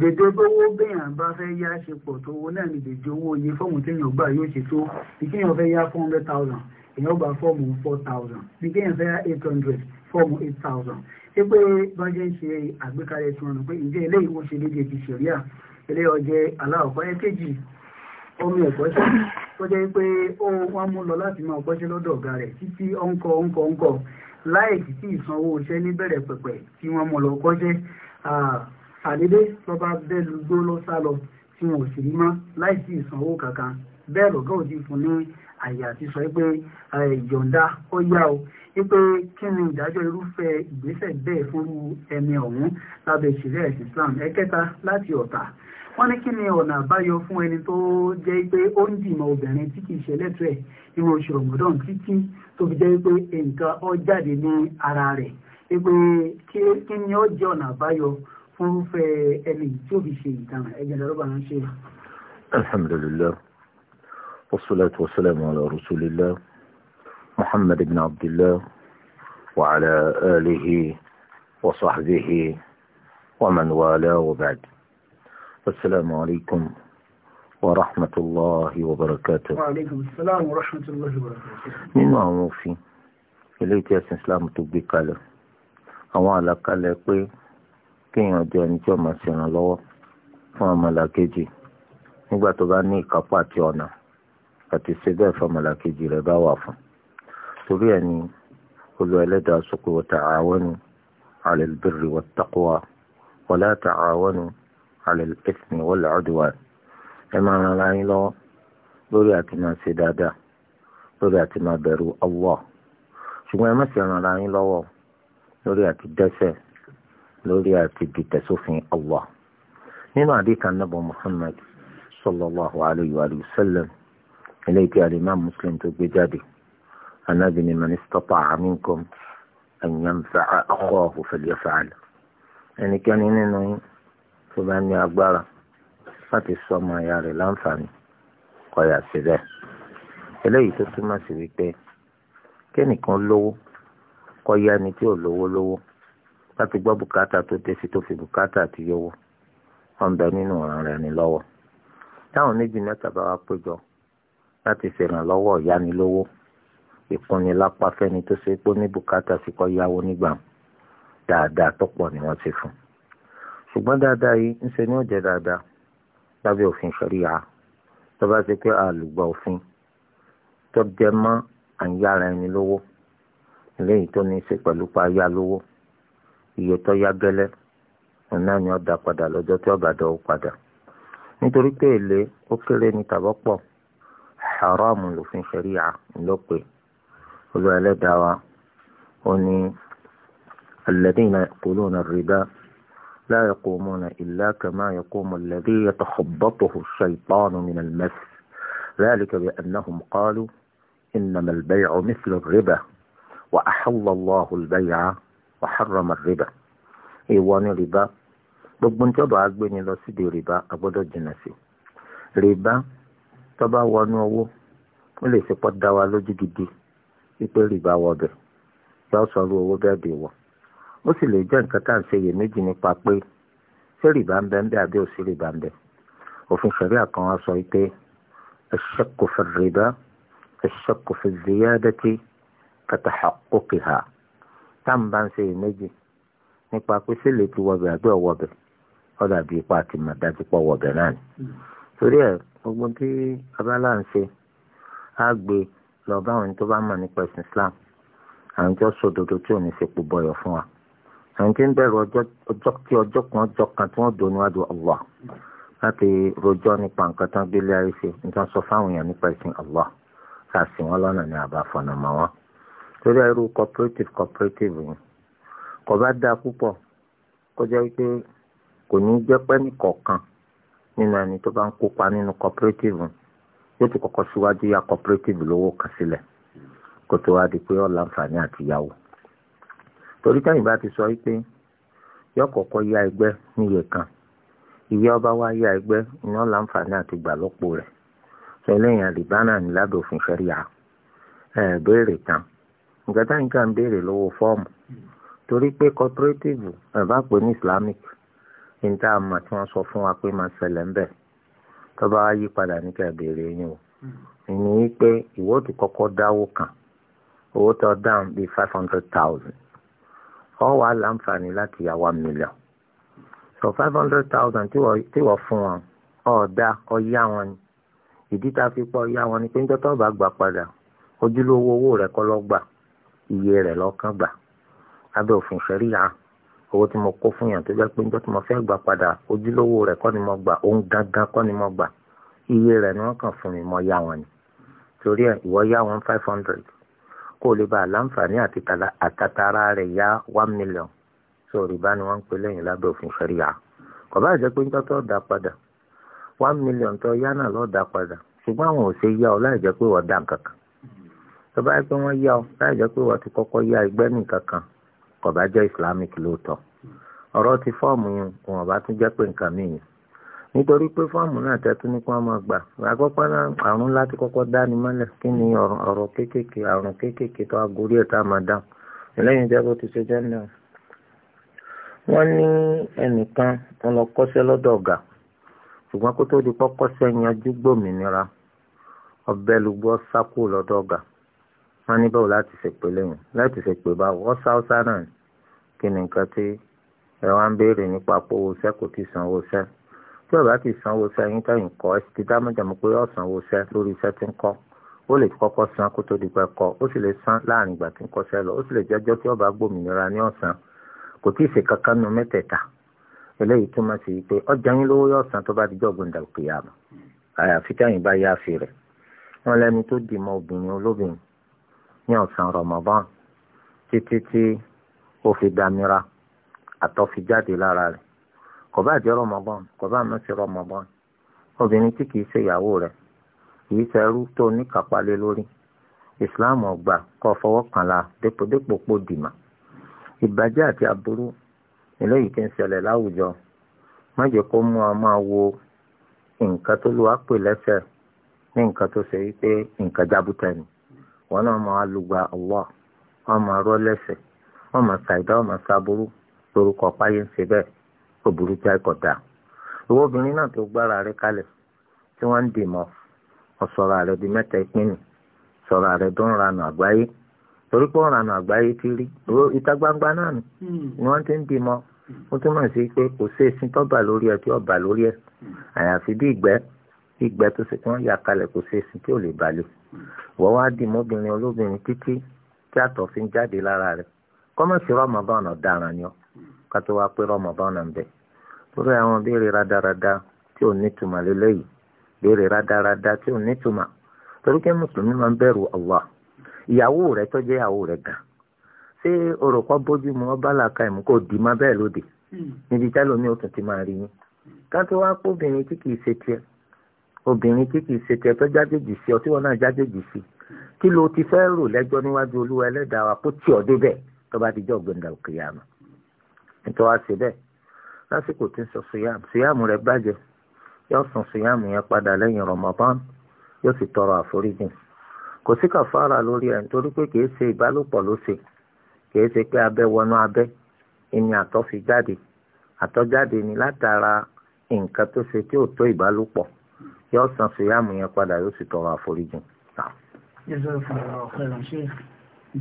dèdè bówó béèyàn bá fẹ́ yá ṣe pọ̀ tó owó náà ni dèdè owó iye fọ́ọ̀mù téèyàn gbà yóò ṣe tó bí kéèyàn fẹ́ yá four hundred thousand èèyàn gba fọ́ọ̀mù four thousand bí kéèyàn fẹ́ yá eight hundred fọ́ọ̀mù eight thousand ṣé pé bá ń ṣe àgbékalẹ̀ tí wọ́n rò pé ǹjẹ́ eléyìí wọ́n ṣe léde ti ṣẹ̀ríà eléyọ̀ jẹ́ aláwọ̀kọ́ ẹ̀kejì ọmọ ẹ̀kọ́ṣẹ́ tó jẹ́ pé ó wọ́n mú lọ láti máa kọ́ṣẹ́ lọ́dọ̀ ọ̀gá rẹ̀ títí ọ̀nkọ ọ̀nkọ ọ̀nkọ láì títí ìsanwó iṣẹ́ níbẹ̀rẹ̀ pẹ̀pẹ̀ tí wọ́n mú lọ kọ́ṣẹ́ ṣàdédé lọ́ba bẹ́ẹ̀lú gbó lọ sá lọ tí wọn ò sì rí mọ́ láì sí ìsanwó kankan bẹ́ẹ̀ lọ́gá ò ti fún ní àyè àti sọ pé ìjọ̀ǹda ó yá o wípé kí ni ìdájọ́ irúfẹ́ ìgbésẹ̀ bẹ́ẹ̀ fún ẹni ọ̀hún lábẹ́ ìṣẹ̀lẹ̀ Islam ẹ̀kẹta láti ọ̀tà wọ́n ní kí ni ọ̀nà àbáyọ fún ẹni tó jẹ́ pé ó ń dìmọ̀ obìnrin tí kì í ṣe lẹ́tọ̀ ẹ̀ nínú oṣù Ramadan títí tó fi jẹ́ pé nǹkan ó jáde ní ara rẹ̀ wípé kí ni ó jẹ́ ọ̀nà àbáyọ الحمد لله والصلاة والسلام على رسول الله محمد بن عبد الله وعلى آله وصحبه ومن والاه وبعد السلام عليكم ورحمة الله وبركاته وعليكم السلام ورحمة الله وبركاته من هو موفي إليك يا سلام تبقى له أو على قال kéèyàn jẹ́ ẹni tí ó máa ṣèrànlọ́wọ́ fún ọmọlàkejì nígbà tó bá ní ìkápá àti ọ̀nà àti ṣe bẹ́ẹ̀ fún ọmọlàkejì rẹ̀ bá wà fún torí ẹ̀ ni olú ẹlẹ́dàá sọ pé wa ta'awanu 'ala al-birri wat-taqwa wa la ẹ máa ran ara yín lọ́wọ́ lórí àti máa ṣe dáadáa lórí àti máa bẹ̀rù Allah ṣùgbọ́n ẹ má ṣe ran ara yín lọ́wọ́ lórí àti dẹ́ṣẹ̀ lórí àti dìtẹ̀sófin Allah nínú àdéhùn anábọ̀ Muhammad sallallahu alayhi wa sallam eléyìí tí alimam Muslim tó gbé jáde anábì ni man istata'a minkum an yanfa'a akhahu falyaf'al ẹnikẹ́ni nínú yín tó bá ní agbára láti sọ ọmọ ìyá rẹ̀ láǹfààní kó yà sí bẹ́ẹ̀ eléyìí tó túmọ̀ sí wípé kẹ́nìkan lówó kó yá ni tí ò lówó lówó láti gbọ́ bùkátà tó dé sí tó fi bùkátà àti yọwọ wọn bẹ nínú ọ̀ràn rẹ̀ ní lọ́wọ́ táwọn méjì mẹ́ta bá wá péjọ láti ṣèrànlọ́wọ́ ìyánilówó ìkúnni lápá fẹ́ni tó ṣe pé ní bùkátà sí kọ́ yáwó nígbà dáadáa tó pọ̀ ni wọ́n ti fún ṣùgbọ́n dáadáa yìí ń ṣe ní ọ̀jẹ̀ dáadáa lábẹ́ òfin ṣẹ̀ríya tó bá ṣe pé àlùgbà òfin tó jẹ mọ́ àyára ẹni lówó eléyìí tó ní í ṣe pẹ̀lú pa yá lówó iye tó yá gẹ́lẹ́ òun ni ó padà lọ́jọ́ tí ọba dọ̀wọ́ padà nítorí pé èlé ó kéré ní tàbọ́pọ̀ haram lòfin ṣẹ̀ríà ńlọ́pẹ́ olú ẹlẹ́dàá wa ó ní kúló rìdá láyé alladhina yaquluna ar-riba la yaqumuna illa kama yaqumu alladhi yatakhabbathu ash-shaytanu min al-mas ذلك بأنهم قالوا إنما البيع مثل الربا وأحل الله البيع wa harrama rìbá ربا، ni rìbá gbogbo níjọba agbéni lọ síbi rìbá agbọ́dọ̀ jìnnà sí rìbá tó bá wọnú owó ó lè ṣe pọ́ dá wa lójú gidi wípé rìbá wọ bẹ̀ yóò sọ̀rọ̀ owó bẹ́ẹ̀ dè wọ̀ ó sì lè jẹ́ nǹkan tá à ń ṣe iyèméjì nípa pé ṣé rìbá ń bẹ ń bẹ àbí ò sí rìbá ń bẹ òfin ṣẹ̀ríà kan wá sọ pé ash-shakku fi rìbá ash-shakku fi ziyadati katahaqquqiha táwọn bá ń ṣe èméjì nípa pé sílè ti wọbẹ̀ àbí ọwọ́bẹ̀ ọ̀dà bíi ipa àti màdájú pọ̀ wọbẹ̀ náà ni. torí ẹ̀ gbogbo tí abala ń ṣe á gbé lọ bá àwọn tó bá mọ̀ nípa ẹ̀sìn Islam àwọn tó tí ò ní ṣe pò bọyọ̀ fún wa àwọn tí ń bẹ̀rù ọjọ́ tí ọjọ́ kan ọjọ́ kan tí wọ́n dò níwájú Allah láti rojọ́ nípa nǹkan tán gbélé ayé ṣe nǹkan sọ fáwọn èèyàn nípa ẹ̀sìn Allah ká sì wọ́n lọ́nà ní àbáfọ̀nàmọ́ wọn. torí ẹrú cooperative cooperative ni kò bá dáa púpọ̀ kọjá wípé kò ní jẹ́ pẹ́ nínú ẹni tó bá ń kópa nínú cooperative yóò kọ́kọ́ síwájú ya cooperative lówó kan sílẹ̀ kó tó wá di pé torí ti sọ wípé yóò ya ẹgbẹ́ níye kan ìyá ọba wa ya ẹgbẹ́ àti rẹ̀ sọ eléyìí ní tán nǹkan táyìn kan béèrè lówó fọ́ọ̀mù torí pé cooperative ẹ̀ bá pè ní islamic ní tá a mọ̀ tí wọ́n sọ fún wa pé máa ṣẹlẹ̀ ńbẹ̀ tó bá yí padà ní ká béèrè yín o hmm. ìní wípé ìwọ kọ́kọ́ dáwó kan owó tó dáhùn bíi five hundred thousand ọ wà láǹfààní láti yá one million so five hundred thousand tí wọ́n fún wọn ọ̀ọ́dá ọ̀yá wọn ni ìdí tá a fi pọ̀ ọ̀yá wọn ni pé ń tọ́tọ́ bá gbà padà ojúlówó owó rẹ̀ kọ́ lọ́gbà iye rẹ̀ lọ́kàn gbà lábẹ́ òfin ṣẹ̀ríyà owó tí mo kó fún yàn tó jẹ́ pé níjọ́ tí mo fẹ́ gbà padà ojúlówó rẹ̀ kọ́ ni mo gbà òun gangan kọ́ ni mo gbà iye rẹ̀ ni wọ́n kàn fún mi mo yá wọn ni torí ẹ̀ ìwọ yá wọn five hundred kó o lè bá a àti àtàtàrà rẹ̀ yá one million so rìbá ni wọ́n ń pè lẹ́yìn lábẹ́ òfin ṣẹ̀ríyà kò bá jẹ́ pé níjọ́ tó dà padà one million tó yá náà lọ́ọ́ dá padà ṣùgbọ́n àwọn ò ṣe yá ọ láì jẹ́ pé wọ́n dà nǹkan kan tó bá yẹ pé wọ́n yá ọ láì jẹ́ pé wọ́n ti kọ́kọ́ yá ẹgbẹ́ nìkan kan kò bá jẹ́ islamic lóòótọ́ ọ̀rọ̀ ti fọ́ọ̀mù yẹn kò wọ́n bá tún jẹ́ pé nǹkan mìíràn nítorí pé fọ́ọ̀mù náà tẹ́tún ní kí wọ́n máa gbà àkọ́kọ́ náà àrùn láti kọ́kọ́ dání mọ́lẹ̀ kí ni ọ̀rọ̀ kéékèèké àrùn kéékèèké tó agorí ẹ̀ tá a máa dáhùn lẹ́yìn jẹ́ bó ti ṣe jẹ́ náà. wọ́n ní ẹnìkan wọn lọ kọ́ṣẹ́ lọ́dọ̀ ọ̀gá ṣùgbọ́n kó tó di pọ́kọ́ṣẹ́ yanjú gbòmìnira ọbẹ̀ lùgbọ́ sákò lọ́dọ̀ ọ̀gá wọ́n ní báwo láti ṣèpè lẹ́yìn láti ṣèpè bá wọ́n sáúsá náà kí ni nǹkan tí ẹ wá ń béèrè nípa owó iṣẹ́ kò tí sanwó iṣẹ́ tí ọ̀gá ti sanwó iṣẹ́ yín tẹ̀yìn kọ́ ẹ ti dá mọ́jàmọ́ pé ó sanwó iṣẹ́ lórí iṣẹ́ tí ń kọ́ ó lè kọ́kọ́ san kó tó di pẹ́ kọ́ ó sì lè san láàrin ìgbà tí ń kọ́ṣẹ́ lọ ó sì lè jẹ́jọ́ tí ọba gbòmìnira ní ọ̀sán kò tí ì ṣe kankan nu mẹ́tẹ̀ẹ̀ta eléyìí túmọ̀ sí pé ọjà yín lówó yóò san tó bá di jọ́gbọ̀n dàgbéyàmù àyàfi tẹ̀yìn bá yááfi rẹ̀ wọ́n lẹ́ni tó dì mọ́ obìnrin olóbìnrin ní ọ̀sán Ramadan títí tí ó fi damira àtọ̀ fi jáde lára rẹ̀ kò bá jẹ́ Ramadan kò bá má ṣe Ramadan obìnrin tí kìí ṣe ìyàwó rẹ̀ kìí ṣẹrú tó oníkàpálẹ́ lórí ìsìláàmù ọgbà kọ́ fọwọ́ kàn la dépòdépò pò dìmà ìbàjẹ́ àti aburú eléyìí tí ń ṣẹlẹ̀ láwùjọ má kó mú ọ máa wo nǹkan tó lù wá lẹ́sẹ̀ ní nǹkan tó ṣe wípé nǹkan jábútẹ́ wọn náà máa lùgbà Allah wọn máa rọ́ lẹ́sẹ̀ wọn máa ṣàìdá wọn máa ṣàbúrú lórúkọ páyé ń ṣe bẹ́ẹ̀ kò burú jẹ́ kọ̀dà. ìwọ obìnrin náà tó gbára rẹ kalẹ̀ tí wọ́n ń dì mọ́ ọ sọ̀rọ̀ rẹ di mẹ́ta ìpínlẹ̀ sọ̀rọ̀ rẹ tó ń ranù àgbáyé torí pé ó ranù àgbáyé ti rí ìta gbangba náà ni hmm. wọ́n ti ń dì mọ́ ó túmọ̀ sí pé kò sí èsì tọ́ba lórí ẹ tí ọba lórí ẹ hmm. àyàfi bí ìgbẹ́ ìgbẹ́ tó ṣe tí wọ́n yà kalẹ̀ kò sí èsì tí ò lè balẹ̀. wọ́n wá di mọ́bìnrin olóbìnrin títí tí àtọ̀ fi ń jáde lára rẹ̀ kọ́mọ̀sí rọ́mọbọ́ọ̀nà ọ̀daràn ni ọ́ ká tó wá pé rọ́mọbọ́ọ̀nà ń lórí àwọn béèrè rádaràda tí ò nítumọ̀ lélẹ́yìí béèrè rádaràda tí ò torí pé mùsùlùmí máa ń bẹ̀rù Allah ìyàwó rẹ tó jẹ́ ìyàwó gan ṣé bójú mu ìmú kò dì má bẹ́ẹ̀ lóde hmm. níbi ti máa obìnrin tí kìí ṣe tiẹ̀ tó jájèjì sí ọ tí wọn náà jájèjì sí kí ló ti fẹ́ rò lẹ́jọ́ níwájú olúwa ẹlẹ́dàá wa kó tì ọ́ débẹ̀ tó bá ti jẹ́ ọ̀gbìndà òkèèyàmù nítorí wá sí bẹ́ẹ̀ lásìkò tí ń sọ sùyàmù sùyàmù rẹ̀ bàjẹ́ yóò sùn sùyàmù yẹn padà lẹ́yìn Ramadan yóò sì tọrọ àforíjì kò sí kàfàrà lórí ẹ̀ nítorí pé kìí ṣe ìbálòpọ̀ ló ṣe kìí ṣe pé abẹ́ wọnú abẹ́ ìní àtọ̀ fi jáde àtọ̀ jáde ni látara nǹkan tó ṣe tí ò tó ìbálòpọ̀ yóò san fìyàmù yẹn padà yóò sì tọrọ àforíjìn.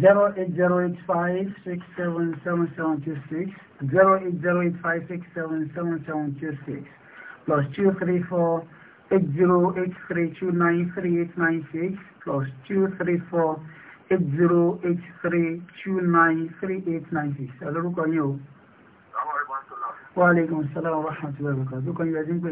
zero eight zero eight five six seven seven seven two six zero eight zero eight five six seven seven seven two six plus two three four eight zero eight three two nine three eight nine six plus two three four eight zero eight three two nine three eight nine six. ẹ lórúkọ yín o. wa aleykum salaam wa rahmatullahi wa barakatuh. lórúkọ yín ẹ dín pé.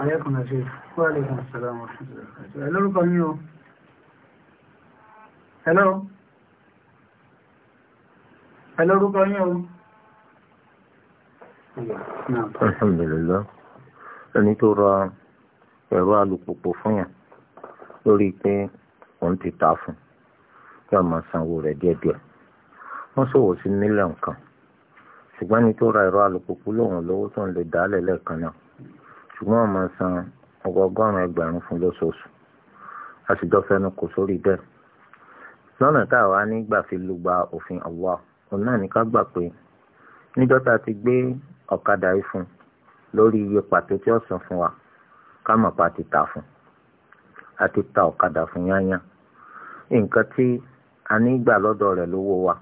Àyẹ́kùnrin ṣe, wà lè kùn sàlámù ọ̀fún ìrìnàjò. Hello? Ẹ Alhamdulillah. Ẹni tó ra ẹ̀rọ alùpùpù fún yàn lórí pé òun ti ta fún, yóò máa sanwó rẹ̀ díẹ̀díẹ̀. Wọ́n ṣòwò sí mílíọ̀nù kan ṣùgbọ́n ní tó ra ẹ̀rọ alùpùpù lòun lówó tó ń lè dálẹ̀ lẹ́ẹ̀kan náà ṣùgbọ́n ọmọ san ọgọgọ́rùn-ún ẹgbẹ̀rún fún lóṣooṣù a sì jọ fẹnu kò sórí bẹ́ẹ̀ lọ́nà tá a wá nígbà fi lùgbà òfin Allah òun náà ní ká gbà pé níjọ́ tá a ti gbé ọ̀kadà yìí fún lórí iye pàtó tí ó san fún wa ká mọ̀ pa ti ta fún a ti ta ọ̀kadà fún yányá nǹkan tí a nígbà lọ́dọ̀ rẹ̀ lówó wa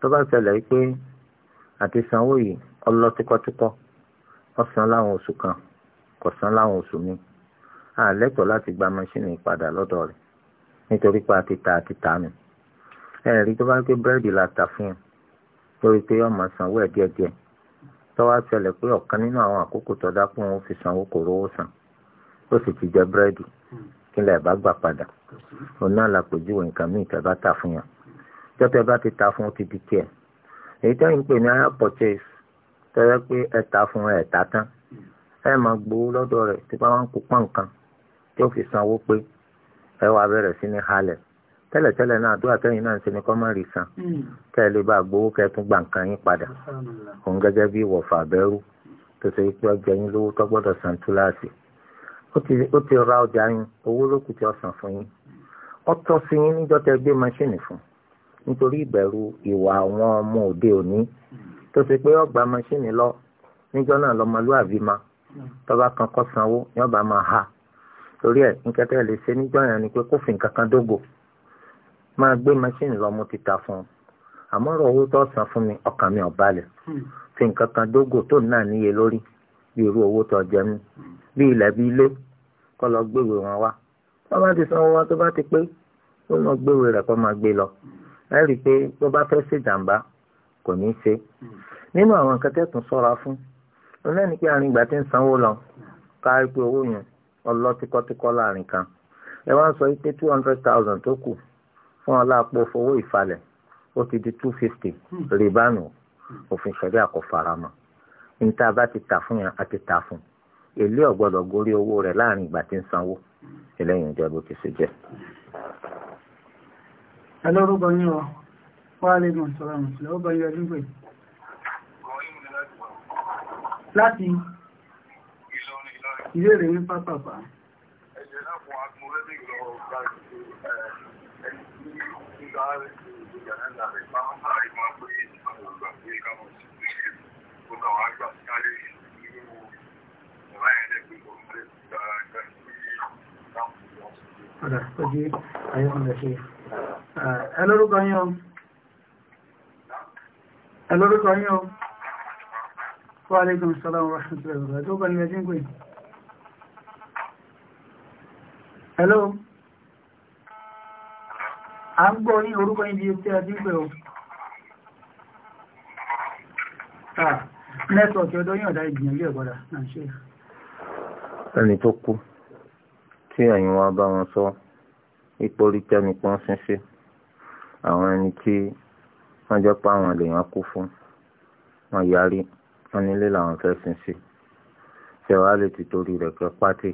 tó bá ṣẹlẹ̀ pé àti sanwó yìí ọlọ́ tíkọ́tíkọ́ ọ̀sán láwọn oṣù kan kọ̀sán láwọn oṣù mi a lẹ́tọ̀ọ́ láti gba mọ́ṣínì padà lọ́dọ̀ rẹ̀ nítorí pé a ti ta àti ta nù ẹ rí tó bá gbé búrẹ́dì la ta fún un lórí pé ọmọ sanwó ẹ̀ díẹ̀díẹ̀ tọ́wọ́ ṣẹlẹ̀ pé ọ̀kan nínú àwọn àkókò tó dápọ̀ òun fi sanwó kò rówó san ó sì ti jẹ búrẹ́dì kí lẹ̀ bá gbà padà òun náà làpèjúwe nǹkan míì tẹ́ bá ta fún yàn jọ́tẹ́ bá ti ta fún ó ti di tiẹ̀ èyí tẹ́yìn pè ní hire purchase tẹ́lẹ̀ pé ẹ̀ta fún ẹ̀ta tán ẹ máa gbowó lọ́dọ̀ rẹ̀ tí bá wọn kó pọ̀ nǹkan tí ó fi sanwó pé ẹ wàá bẹ̀rẹ̀ sí ní halẹ̀ tẹ́lẹ̀tẹ́lẹ̀ náà àdúrà tẹ́yìn náà ń ṣe ní kọ́mọ́rì san hmm. kẹ́ ẹ lè bá gbowó kẹ́ ẹ tún gba nǹkan yín padà òun gẹ́gẹ́ bí ìwọ̀fà bẹ́rù tó ṣe pé ọjọ́ yín lówó tó gbọ́dọ̀ san túláàsì ó ti ra ọjà yín owó lókùtì ọ̀sán fún yín ó tọ́ sí yín níjọ́ tẹ́ gbé maṣíìnì fún un nítorí ìbẹ̀rù ìwà àwọn ọmọ òde òní tó ṣe pé ọgbà mọ́ṣíìnì lọ níjọ́ náà lọ́mọlúàbí ma tọ́ba kan kọ́ sanwó bá máa ha torí ẹ̀ nkẹ́tẹ́ lè ṣe níjọ́ yẹn ni pé kófin kankan dógò máa gbé mọ́ṣíìnì lọ mú ti ta fún un àmọ́ ọ̀rọ̀ owó tó san fún mi ọkàn mi ò balẹ̀ fi nǹkan kan dógò tó náà níye lórí bí irú owó tó jẹ mí bí ilẹ̀ bí ilé kọ́ lọ gbéwèé wọn wá wọ́n bá ti sanwó wa tó bá ti pé ó lọ gbéwèé rẹ̀ kọ́ máa gbé lọ. ẹ rí i pé tó bá fẹ́ ṣèjàmbá kò ní í ṣe nínú àwọn nǹkan tẹ́tùn sọ́ra fún ọlọ́ni pé àrùn ìgbà tí ń sanwó lọ kárí pé owó yẹn ọlọ́tíkọ́tíkọ́ láàrin kan ẹ wá ń sọ pé two hundred thousand tó kù fún ọlápò fowó ìfalẹ̀ ó ti di two fifty rìbánu òfin ṣẹ̀rí àkọ́faramọ́ níta bá ti tà fún yẹn a ti tà fún èlé ọ̀gbọ́dọ̀ gorí owó rẹ̀ láàrin ìgbà tí ń sanwó eléyìí ń ti ṣe jẹ́ ẹlọ́rúgbọ́ ní ọ wáàlẹ́gùn sọ́rọ̀ mùsùlẹ̀ ó bẹ̀rẹ̀ ọdún pẹ̀ láti ilé rẹ̀ ní pápápá Ọ̀dá, ọdí ayé ọmọdé ṣe ẹlórúkọ yín o ẹlórúkọ yín o wa alaikum salaam wa rahmatullahi wa tó kọ́ ní ẹjí ń pè hello a ń gbọ́ yín orúkọ yín bí i tí a ti ń pè o nẹ́tọ̀ọ̀kì ọdọ́ yín ọ̀dá ìgbìyànjú ẹ̀kọ́dà náà ṣe ẹni tó kú tí àwọn ẹni tí wọ́n jọ pa àwọn lèèyàn kú fún wọn yarí wọn nílé làwọn fẹ́ sin sí ṣé wàá lè ti torí rẹ̀ kẹ́ pátì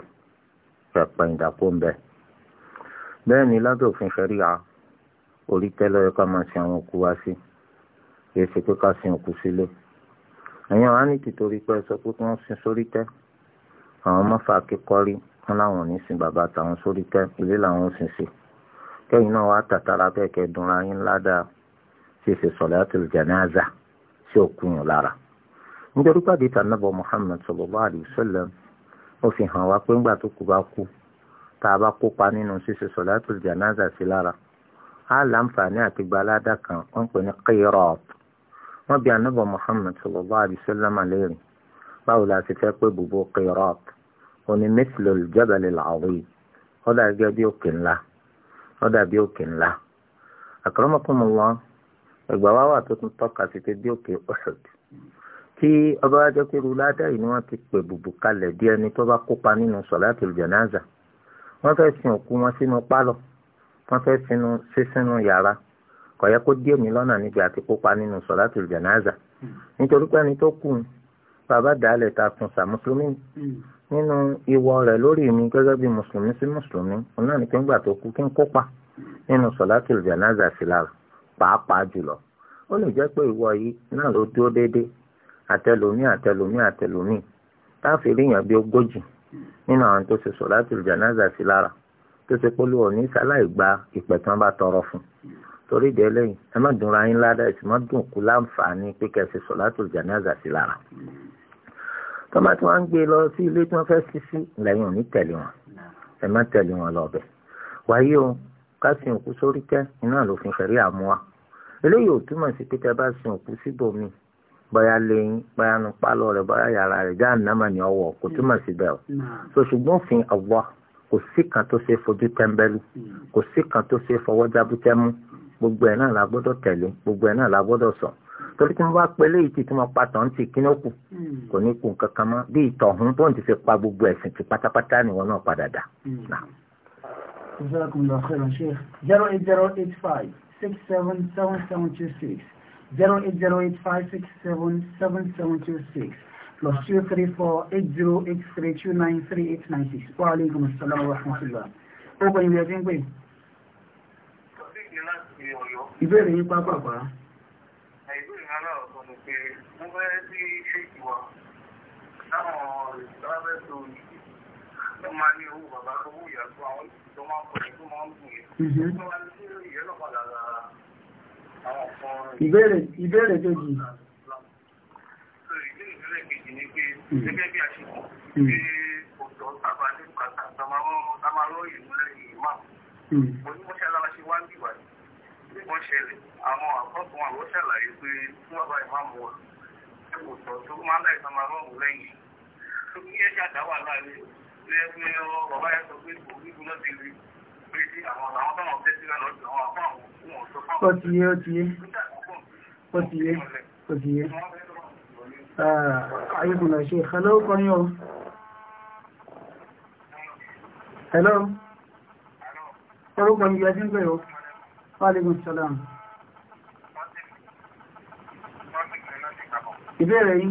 kẹ́ pa ìdàpọ̀ ń bẹ̀. bẹ́ẹ̀ ni lábẹ́ òfin ṣẹ̀ríà orí tẹ́lẹ̀ ẹ̀ka máa sin àwọn òkú wá sí kì í ṣe pé ká sin òkú sílé. ẹ̀yin wàá ní tìtorí pé ẹ sọ pé kí wọ́n sin sórí tẹ́ àwọn mọ́fà akẹ́kọ̀ọ́ rí wọn láwọn ò ní sin bàbá àtàwọn sórí tẹ́ ilé làwọn ò sin sí kẹ́yìn náà wàá tàtàrà bẹ́ẹ̀ kẹ́ dunra yín ládàá ṣe ṣe sọ̀látul janaza sí òkú yín lára. nítorí pàdé tànàbọ̀ Muhammad sallallahu alayhi wa sallam ó fi hàn wá pé ńgbà tó kù bá kú tá a bá kópa nínú ṣíṣe sọ̀látul janaza sí lára á láǹfààní àti gbalada kan wọ́n pè ní qirat wọ́n bí anábọ̀ Muhammad sallallahu alayhi wa báwo la ti fẹ́ pé bùbó qirat wọ́n dàbí òkè ńlá akramakumullah ẹgbà wá wà tó tún tọ́ka sí pé bí òkè Uhud tí ọba wa jẹ́ pé rúládà yìí ni wọ́n ti pè bùbù kalẹ̀ bí ẹni tó bá kópa nínú sọ̀láàtul janaza wọ́n fẹ́ sin òkú wọn sínú pálọ̀ wọ́n fẹ́ sinú sí sínú yàrá kò yẹ kó díẹ̀ mi lọ́nà níbi àti kópa nínú sọ̀láàtul janaza nítorí pé ẹni tó kù bàbá dàálẹ̀ ta tún sà nínú ìwọ rẹ̀ lórí mi gẹ́gẹ́ bí mùsùlùmí sí mùsùlùmí òun ní kí tó kú kí n kópa nínú sọ̀látì ìjànáza fìlàrù pàápàá jùlọ ó lè jẹ́ pé ìwọ yìí náà ló dúró déédéé àtẹlómi àtẹlómi àtẹlómi táàfin ríyàn bí ogójì nínú àwọn tó ṣe sọ̀látì ìjànáza fìlàrù tó ṣe pé olúwo ní sáláì gba ìpẹ̀ tí wọ́n bá tọrọ fún torí ìdí eléyìí ẹ má dùnra yín ládàá ẹ sì má dùn kú láǹfààní pé kẹ́ ṣe sọ̀látì ìjànáza fìlàrù tó bá tí wọ́n ń gbé lọ sí ilé tí wọ́n fẹ́ sí sí lẹ́yìn òní tẹ̀lé wọn ẹ má tẹ̀lé wọn lọ bẹ̀. wáyé o ká sin òkú sórí tẹ́ iná lòfin ṣẹ̀rí àmúwa eléyìí ò túmọ̀ sí pé tẹ́ bá sin òkú síbòmí bóyá lẹ́yìn bóyá nu pálọ̀ rẹ̀ bóyá yàrá rẹ̀ já nàmà ní ọwọ́ kò túmọ̀ sí bẹ́ẹ̀ o mm. so ṣùgbọ́n òfin ọ̀wọ́ kò sí kan tó ṣe fojú tẹ́ńbẹ́lú mm. kò sí kan tó ṣe fọwọ́ jábútẹ́mú gbogbo ẹ̀ náà la gbọ́dọ̀ tẹ̀lé gbogbo ẹ̀ náà la gbọ́dọ̀ sọ torí tí wọ́n bá pẹ́ léyìí tí tí wọ́n pa tán ti kí ní kù hmm. kò ní kù kankan mọ́ bí ìtọ̀hún tó ń ti fi pa gbogbo ẹ̀sìn ti pátápátá ni wọn náà padà dà. Hmm. zero eight zero eight five six seven seven seven two six zero eight zero eight five six seven seven seven two six plus two three four eight zero eight three two nine three eight nine six wa aleykum salaam wa rahmatulah. ó kọ́ ìwé ẹ̀sìn pé. ìbéèrè yín pápá pa pé ìbéèrè ìbéèrè kejì. ìbéèrè kejì ni pé mhm. gẹ́gẹ́ bí a ṣe mọ̀ pé mhm. òjò sábà ní bùkátà tá máa ń lọ́ọ̀yìn múlẹ̀ ìmáàmù. Mhm. wá ń bì ó ṣẹlẹ̀ àwọn àkọ́kùn àwọn ṣàlàyé pé tí wọ́n bá ìmáàmù wọn tí kò sọ tó máa ń láìsàn máa rọrùn lẹ́yìn tó kí ẹ ṣàdá wà láàrin ló yẹ pé bàbá yẹn sọ pé kò ní gbúná ti rí pé tí àwọn àwọn táwọn tẹ́ sí lánàá ju àwọn àwọn fún wọn fáwọn. ó ti yé ó ti yé ó ti yé ó ti yé. ayékùnà ah, ṣe hello kan yóò. hello. orúkọ mi yẹ sí ń pè ọ́. Fáàlégún Sọ́lọ́run. Ìbéèrè yìí.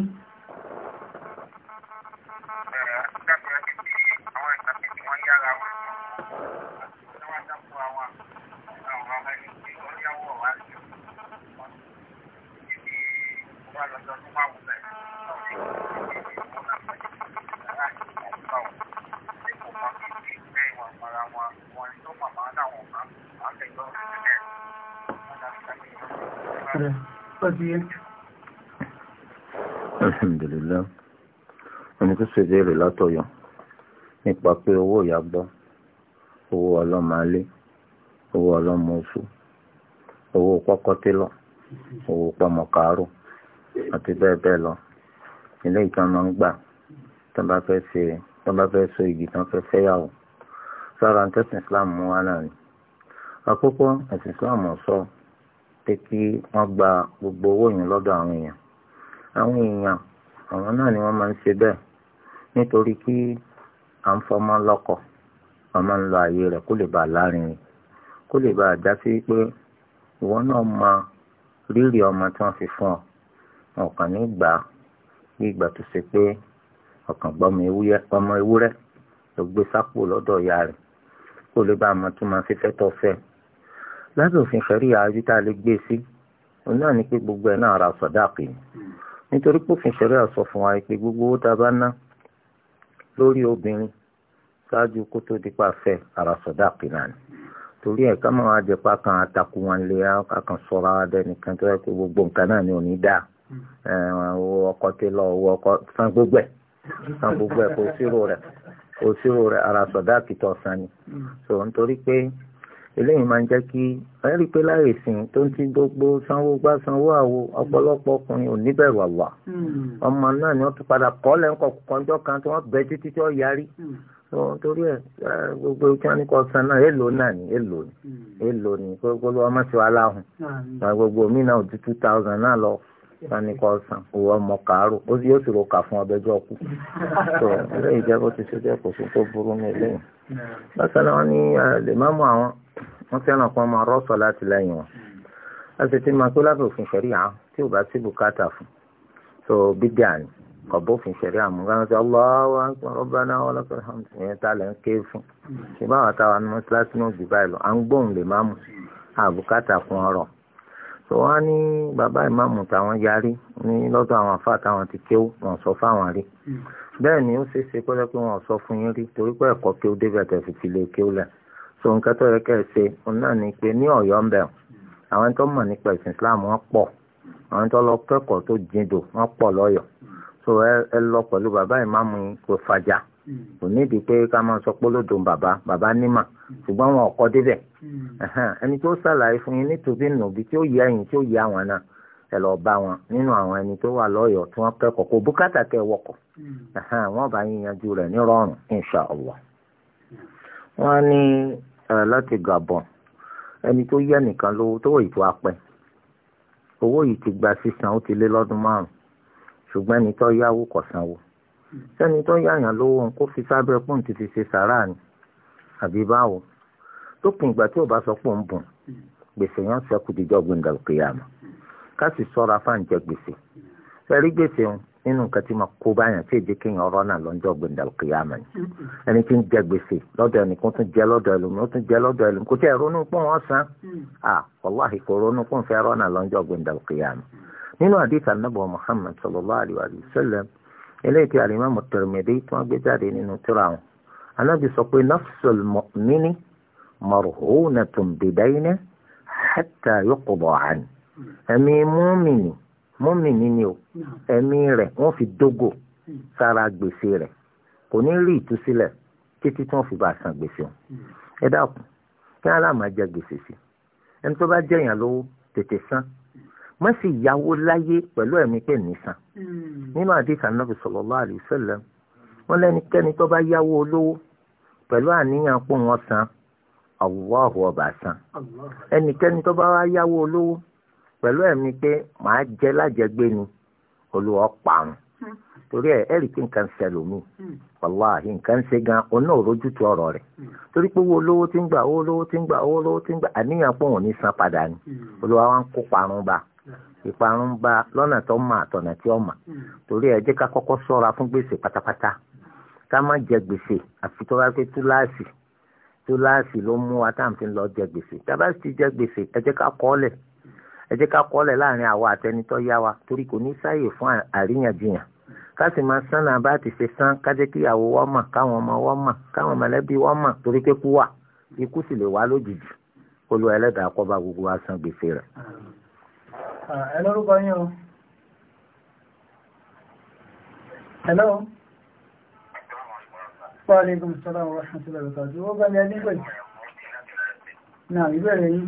rẹ̀ pẹ̀lú yẹn. alhamdulilayi ẹni tó ṣe béèrè látọ̀yọ́ nípa pé owó ìyá gbọ́ owó ọlọ́mọ alé owó ọlọ́mọ oṣù owó pọ́kọ́télọ̀ owó pọ́mọkàárò àti bẹ́ẹ̀ bẹ́ẹ̀ lọ ilé ìtàn máa ń gbà tó bá fẹ́ ṣe tó bá fẹ́ so igi tán fẹ́ fẹ́yàwó sára ń tẹ́sán islam mú wa náà ni àkókò ẹ̀sìn islam sọ pé kí wọ́n gba gbogbo owó yẹn lọ́dọ̀ àwọn èèyàn àwọn èèyàn àwọn náà ni wọ́n máa ń ṣe bẹ́ẹ̀ nítorí kí à ń fọmọ lọ́kọ ọmọ ń lo ààyè rẹ̀ kó lè bàa lárinrin kó lè bàa já sí pé ìwọ náà mọ rírì ọmọ tí wọ́n fi fún ọ ọkàn ní gbà bí ìgbà tó ṣe pé ọkàn gbọmọ ewúrẹ́ ló gbé sápò lọ́dọ̀ ìyá rẹ̀ kó lè bàa mọ tó máa fífẹ́ tó fẹ́ẹ́ lábẹ́ òfin ṣẹ̀rí àárí tá a lè gbé e sí òun náà ni pé gbogbo ẹ̀ náà ra sọ̀dáàpì nítorí pé òfin ṣẹ̀rí àsọ fún wa pé gbogbo owó tá a bá ná lórí obìnrin ṣáájú kó tó di pàfẹ́ ara sọ̀dáàpì náà ni torí ẹ̀ ká máa jẹ pa kan àtakò wọn lé akàn sọ̀rọ̀ adẹnìkan tó yẹ pé gbogbo nǹkan náà ni ò ní dáa owó ọkọ tí lọ owó ọkọ san gbogbo ẹ̀ san gbogbo ẹ̀ kò sírò rẹ̀ kò sírò rẹ̀ ara sọ̀dáàpì tó san ni so nítorí pé eléyìí máa ń jẹ́ kí ẹ rí i pé láyè sìn tó ń ti gbogbo sanwó gbá sanwó àwo ọ̀pọ̀lọpọ̀ ọkùnrin ò níbẹ̀rù àwà hmm. ọmọ náà ni wọ́n tún padà kọ́ lẹ́ńkọ̀ kọjọ́ kan tí wọ́n bẹ títí tí wọ́n yarí hmm. torí ẹ gbogbo tí san náà èlò náà ni èlò ni hmm. èlò ni gbogbo ọmọ tí wàá láhùn gbogbo mi náà ò ju two thousand náà lọ wọ́n ní kọ́ san òwò ọmọ kàárò ó sì yóò kà fún ọbẹ̀jọ́ kù tó bákan náà ní lè má mú àwọn wọ́n fẹ́ràn kan máa rọ́ọ̀sọ̀ láti lẹ́yìn wọn láti ti máa tó lábẹ́ òfin ṣẹ̀rí àwọn tí ò bá sí bùkátà fún so bídí àní kọ̀bọ̀ òfin ṣẹ̀rí àmú gánà sí ọlọ́wọ́ rọ́bánà ọlọ́kọ̀ọ́ ìyẹn tá lẹ́ ń ké fún ṣe báwa táwa ní mọ́síláṣí náà jù báyìí lọ à ń gbóhùn lè má mú àbùkátà fún ọ̀rọ̀ so wọ́n á ní bàbá ìmáàmù táwọn yarí ní lọ́dọ̀ àwọn àfáà táwọn ti kéwú wọn sọ fáwọn rí bẹ́ẹ̀ ni ó ṣeé ṣe kó lẹ́pẹ́ wọn sọ fún yín rí torí pé ẹ̀kọ́ kí ó débẹ̀ tẹ̀ fi tilẹ̀ kí ó lẹ̀ so nǹkan tó yẹ kẹ́ ẹ ṣe òun náà ni pé ní ọ̀yọ́ ń bẹ̀ àwọn tó mọ̀ nípa ìsìn Islam wọ́n pọ̀ àwọn tó lọ kẹ́kọ̀ọ́ tó jindò wọ́n pọ̀ lọ́yọ̀ so ẹ lọ pẹ̀lú bàbá ìmáàmù kò fàjà kò nídìí pé ká máa sọ pólódò bàbá bàbá nímà ṣùgbọ́n wọn ọ̀kọ́ débẹ̀ ẹni tó ṣàlàyé fún yín nítorí nùbí tí ó yẹ ẹ̀yìn tí ó yẹ àwọn náà ẹ lọ bá wọn nínú àwọn ẹni tó wà lọ́yọ̀ tí wọ́n kẹ́kọ̀ọ́ kò bùkátà kẹ́ wọkọ̀ wọ́n bá yín yanjú rẹ̀ ní rọrùn insha allah wọ́n ní láti Gabon ẹni tó yẹ nìkan lówó tó wọ ètò apẹ owó yìí ti gba sísan ó ti lé lọ́dún márùn ṣùgbọ́n ẹni tó yáwó kò sanwó sẹ́ni tó yáyàn lówó kó fi sábẹ́ pọ́ùn ti fi ṣe sàrà ni àbí báwo tó pin ìgbà tí ò bá sọ pé ń bùn gbèsè yẹn ṣẹ́kù díjọ́ gbẹ̀ngàn kìyàmù ká sì sọ́ra fáǹjẹ gbèsè fẹ́rí gbèsè ń nínú nǹkan tí máa kó báyàn tí èdè kéèyàn ọ̀rọ̀ náà lọ́jọ́ gbẹ̀ndàlùkìyàmà ni ẹni tí ń jẹ gbèsè lọ́dọ̀ ẹnì kan tún jẹ lọ́dọ̀ ẹlòmíì ó tún jẹ lọ́dọ̀ ẹlòmíì kò tẹ́ ronú pọ́n wọn san à wàláhì kò ronú pọ́n fẹ́ ọ̀rọ̀ náà lọ́jọ́ gbẹ̀ndàlùkìyàmà nínú àdìsá nàbọ̀ Muhammad sallallahu alayhi wa sallam eléyìí tí alimami Tirmidhi tí wọ́n gbé mọ́mìnì ni o hmm. ẹ̀mí rẹ̀ wọ́n fi dógò hmm. sára gbèsè rẹ̀ kò ní rí ìtúsílẹ̀ títí tí wọ́n fi bá san gbèsè wọn. Hmm. ẹ dákun kí aláàmà jẹ gbèsè sí ẹni tó bá jẹyàn lówó tètè san má sì yáwó láyé pẹ̀lú ẹ̀mí pé ní san. nínú àdìsá nàbì sallallahu alaihi wasallam wọn lẹ́nikẹ́ni tó bá yáwó olówó pẹ̀lú àníyàn pò wọ́n san Allahu ọba san ẹnikẹ́ni tó bá yáwó olówó pẹ̀lú ẹ̀mí pé màá jẹ́ lájẹgbé ni olùwọ́ parun hmm. torí ẹ ẹ̀rí kí nǹkan ṣẹlẹ̀ mí hmm. wàláhì nǹkan ṣe gan òun náà rójútu ọ̀rọ̀ rẹ̀ hmm. torí pé owó olówó ti ń gbà owó olówó ti ń gbà owó olówó ti ń gbà àníyàn pé òun ní san padà ni olùwà wa ń kó parun ba ìparun ba lọ́nà tó mà àtọ̀nà tí ó mà torí ẹ jẹ́ ká kọ́kọ́ sọ́ra fún gbèsè pátápátá ká má jẹ gbèsè àfi tó bá pé túláàsì túláàsì ló mú wa táà fi ń lọ jẹ gbèsè tá sì ti jẹ gbèsè ẹ jẹ́ ká kọ́ ọ́ lẹ̀ ẹ jẹ́ ká kọ́lẹ̀ láàrin àwa àtẹnitọ́ yá wa torí kò ní sáyè fún àríyànjiyàn ká sì máa sánà bá ti ṣe sán ká jẹ́ kí ìyàwó wọ́n mọ̀ káwọn ọmọ wọ́n mọ̀ káwọn mọ̀lẹ́bí wọ́n mọ̀ torí pé kú wà ikú sì lè wá lójijì olú ẹlẹ́dàá kọ́ gbogbo wa san gbèsè rẹ̀. ẹ lórúkọ yín o. hello. wàhálà sọ́dọ̀ ọ̀rọ̀ ṣàtúnṣe lọ́wọ́ tó wọ́n bá ní ẹni pẹ̀lú. náà ìbéèrè yín.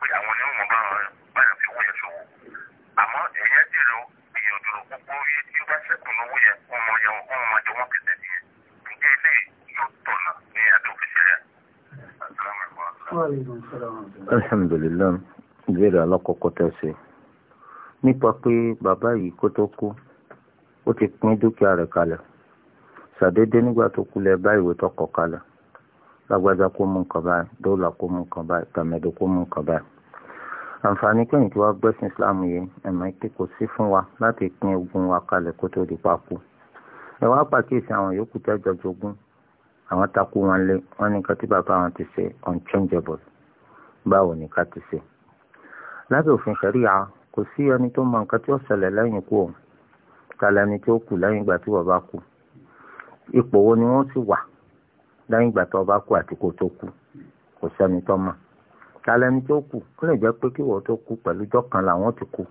pé àwọn ni wọ́n bá wọn báyọ̀ fi owó yẹn ṣòwò àmọ́ èèyàn dèrò èèyàn dèrò gbogbo iye tí ó bá ṣẹ́kù lówó yẹn wọ́n mọ yẹn wọ́n mọ jọ wọ́n pèsè nìyẹn ǹjẹ́ ilé yóò tọ̀nà ní àdó òfìṣẹ́lẹ̀ alhamdulillah ìbéèrè alákọ̀ọ́kọ́ tẹ́ ṣe nípa pé bàbá yìí kó tó kú ó ti pín dúkìá rẹ̀ kalẹ̀ ṣàdédé nígbà tó kú lẹ bá ìwé tó kọ kalẹ̀ lágbájá kó mú nǹkan báyìí dóòlà kó mú nǹkan báyìí tàmẹ̀dọ̀ kó mú nǹkan báyìí. àǹfààní kẹ́yìn tí wàá gbẹ́sìn islam yìí ẹ̀mọ́ pé kò sí fún wa láti pín ogun wa kalẹ̀ kó tó di papò. ẹ wá pàkíyèsí àwọn yòókù tẹ́jọ jogún àwọn takú wọn lé wọn ní nǹkan bàbá wọn ti ṣe unchangeable báwo ni ká ti ṣe. lábẹ́ òfin ṣẹ̀ríà kò sí ẹni tó mọ nǹkan tí ó ṣẹlẹ̀ lẹ́yìn ikú òun tàlẹ́ni tí ó kù lẹ́yìn ìgbà tí bàbá kú ipò wo ni wọ́n sì wà lẹ́yìn ìgbà tó bá kú àti kó tó kú kò sẹ́ni tó mọ̀ talẹni tó kù ó lè jẹ́ pé kí wọ́n tó kú pẹ̀lú ọjọ́ kan làwọn ti kú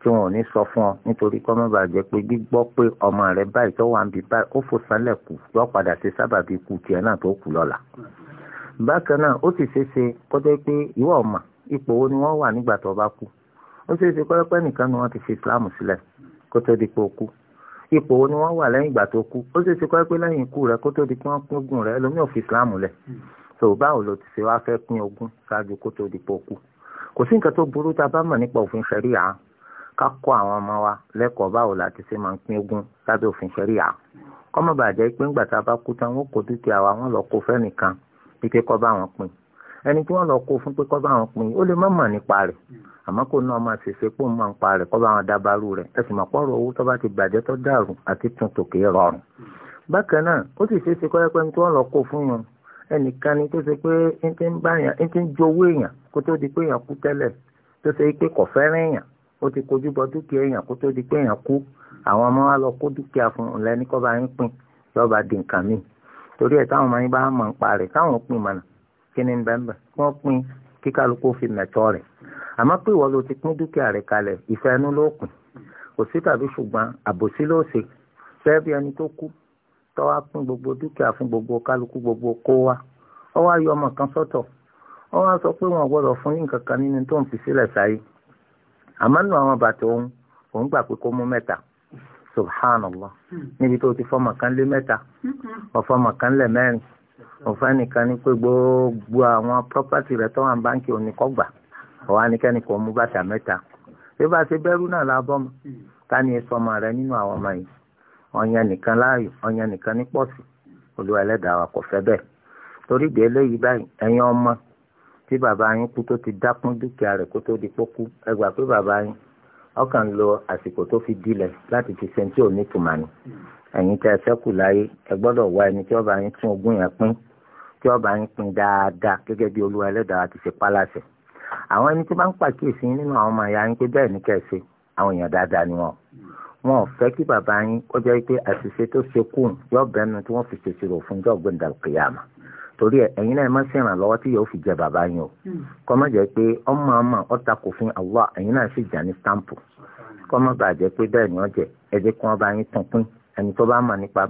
tí wọn ò ní sọ fún ọ nítorí kọ́ má bàa jẹ́ pé gbígbọ́ pé ọmọ rẹ báyìí tó wà ń bí báyìí ó fò kù yọ padà sí sábàbí ikú tiẹ̀ náà tó kù lọ́la bákan náà ó sì ṣe é ṣe kọjá pé ìwọ ọmọ ipò wo ni wọ́n wà nígbà tó bá kú ó ṣe é ṣe kọ́lẹ́pẹ́ nìkan ni wọ́n ti fi Islam sílẹ̀ kó tó di pé ó kú ipò wo ni wọ́n wà lẹ́yìn ìgbà tó kú ó sì ti kọ́ pé lẹ́yìn ikú rẹ̀ kó tó di pé wọ́n pín ogún rẹ̀ ẹlòmíì ò fi islam lẹ̀ tó báwo ló ti ṣe wá fẹ́ pín ogún ṣáájú kó tó di pé ó kú kò sí nǹkan tó burú tá a bá mọ̀ nípa òfin ṣẹ̀ríà ká kọ́ àwọn ọmọ wa lẹ́kọ̀ọ́ báwo la ṣe máa ń pín ogún lábẹ́ òfin ṣẹ̀ríà kọ́mọ̀ bàjẹ́ pé ńgbà tá a bá kú tán wọ́n kó dúkìá wa wọ́n lọ kó fẹ́nìkan pé kó bá wọn pín ẹni tí wọ́n lọ kó fún pé kó bá wọn pín ó lè má mọ̀ nípa rẹ̀ àmọ́ kò náà máa ṣèṣe pò ń máa ń pa rẹ̀ kọ́ bá wọn dábàrú rẹ̀ ẹ̀sìn mọ̀ pọ́rọ̀ owó tó bá ti bàjẹ́ tó dàrú àti tún tòkè rọrùn. bákan náà ó sì ṣeé ṣe kọ́ ẹgbẹ́ tó ń lọ kó fún yun ẹnìkan ni tó ṣe pé ń ti ń bá yàn ń ti ń jowó èèyàn kó tó di pé èèyàn kú tẹ́lẹ̀ tó ṣe pé kò fẹ́ràn èèyàn ó ti kojú bọ dúkìá èèyàn kó tó di pé èèyàn kú àwọn ọmọ wa lọ kó dúkìá fún un lẹ́ni kọ́ bá yín pín lọ́ba di nǹkan torí ẹ̀ táwọn ọmọ yín bá mọ̀ ń pa rẹ̀ táwọn pín mọ̀nà kí ni bẹ́ẹ̀ bẹ́ẹ̀ wọ́n pín kíkálukú fi mẹ̀tọ́ rẹ̀ àmọ́ pé ìwọ ló ti pín dúkìá rẹ̀ kalẹ̀ ìfẹ́ ẹnu ló kù kò sí tàbí ṣùgbọ́n àbòsí ló ṣe sẹ́ẹ̀bì ẹni tó kú tó wá pín gbogbo dúkìá fún gbogbo kálukú gbogbo kó wa ó wá yọ ọmọ kan sọ́tọ̀ ó wá sọ pé wọn gbọ́dọ̀ fún ní nǹkan kan nínú tó ń fi sílẹ̀ sáyé àmọ́ nù àwọn bàtà òun òun gbà pé kó mú mẹ́ta subhanallah níbi tó ti fọmọ kan lé mẹ́ta ọ̀fọmọ kan lẹ̀ mẹ́rin ọ̀fẹ́ nìkan ní pé gbogbo àwọn property rẹ̀ tó báńkì òun ni gbà ọ̀wá ni kẹ́ni kò mú bàtà mẹ́ta bí bá ṣe bẹ́rù náà la bọ́ mọ́ ta ni ẹ sọmọ rẹ nínú àwọn ọmọ yìí ọ̀yàn nìkan láàyò ọ̀yàn nìkan ní pọ̀sì olúwa ẹlẹ́dàá wa kò fẹ́ bẹ́ẹ̀ torí ìdí eléyìí báyìí ẹ̀yin ọmọ tí bàbá yín kú tó ti dákún dúkìá rẹ̀ kó tó di pókú ẹ gbà pé bàbá yín ọkàn lo àsìkò tó fi dilẹ̀ láti fi ṣe tí ò ní tùmọ̀ ni ẹ̀yin tẹ́ ẹ ṣẹ́kù láyé ẹ gbọ́dọ̀ wá ẹni tí ọba yín tún ogún yẹn pín tí ọba yín pín dáadáa gẹ́gẹ́ bí olúwa ẹlẹ́dàá ti ṣe pálásẹ̀ àwọn ẹni tí bá ń pàkíyèsí nínú àwọn ọmọ ìyá yín pé bẹ́ẹ̀ ní kẹ̀sì àwọn èèyàn dáadáa ni wọn wọn ò fẹ́ kí bàbá yín ó jẹ́ pé àṣìṣe tó ṣe kù yọ bẹ́nu tí wọ́n fi ṣèṣirò fún jọ́ gbẹ̀ndà kìyàmà torí ẹ ẹ̀yin náà má ṣèrànlọ́wọ́ tí yóò fi jẹ bàbá yín o hmm. kọ́ má jẹ́ pé ọmọ ọmọ ọ̀tá kò fún Allah ẹ̀yin náà sì jà ní stampu kọ́ má bàa jẹ́ pé bẹ́ẹ̀ ni wọ́n jẹ ẹ jẹ́ kí wọ́n bá yín tún pín ẹni tó bá mọ̀ nípa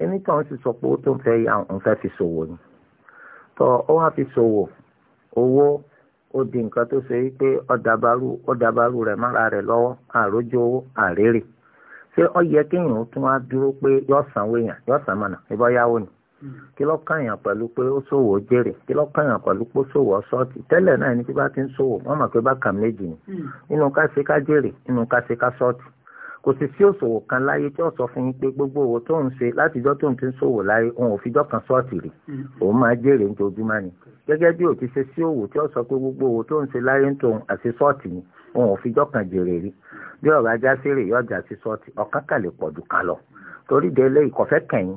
ẹni tí àwọn ti sọ pé ó tó ń fẹ́ yá òun fẹ́ fi ṣòwò ni tó ó wá fi ṣòwò owó ó di nǹkan tó ṣe wípé ọ̀dàbàrú ọ̀dàbàrú rẹ̀ mára rẹ̀ lọ́wọ́ àrójó owó àrèrè ṣé ó yẹ kéèyàn ó tún wá dúró pé yọ sanwó èèyàn yọ san mọ̀nà ìbọ̀ yáwó ni hmm. kí ló kàyàn pẹ̀lú pé ó ṣòwò jèrè kí ló kàyàn pẹ̀lú pé ó ṣòwò ọ̀ṣọ́ọ̀tì tẹ́lẹ̀ náà ni tí bá ti ń ṣòwò wọ́n mọ̀ pé bákan méjì ni nínú hmm. ká ṣe ká jèrè nínú ká ṣe ká ṣọ́ọ̀tì kò sì sí òṣòwò kan láyé tí ó sọ fún yín pé gbogbo òwò tó ń ṣe látijọ́ tó ń ti ń ṣòwò láyé òun òfijọ́ kan ṣọ́ọ̀tì rí mm-hmm. òun máa jèrè ní ojoojúmọ́ ni gẹ́gẹ́ bí ó ti ṣe sí òwò tí ó sọ pé gbogbo òwò tó ń ṣe láyé ń tòun àti ṣọ́ọ̀tì ni òun òfijọ́ kan jèrè rí bí ọ̀rọ̀ ajá sèrè yóò jà sí ṣọ́ọ̀tì ọ̀kan kà lè pọ̀jù kan lọ torí délé ìkọ̀fẹ́ kẹ̀yìn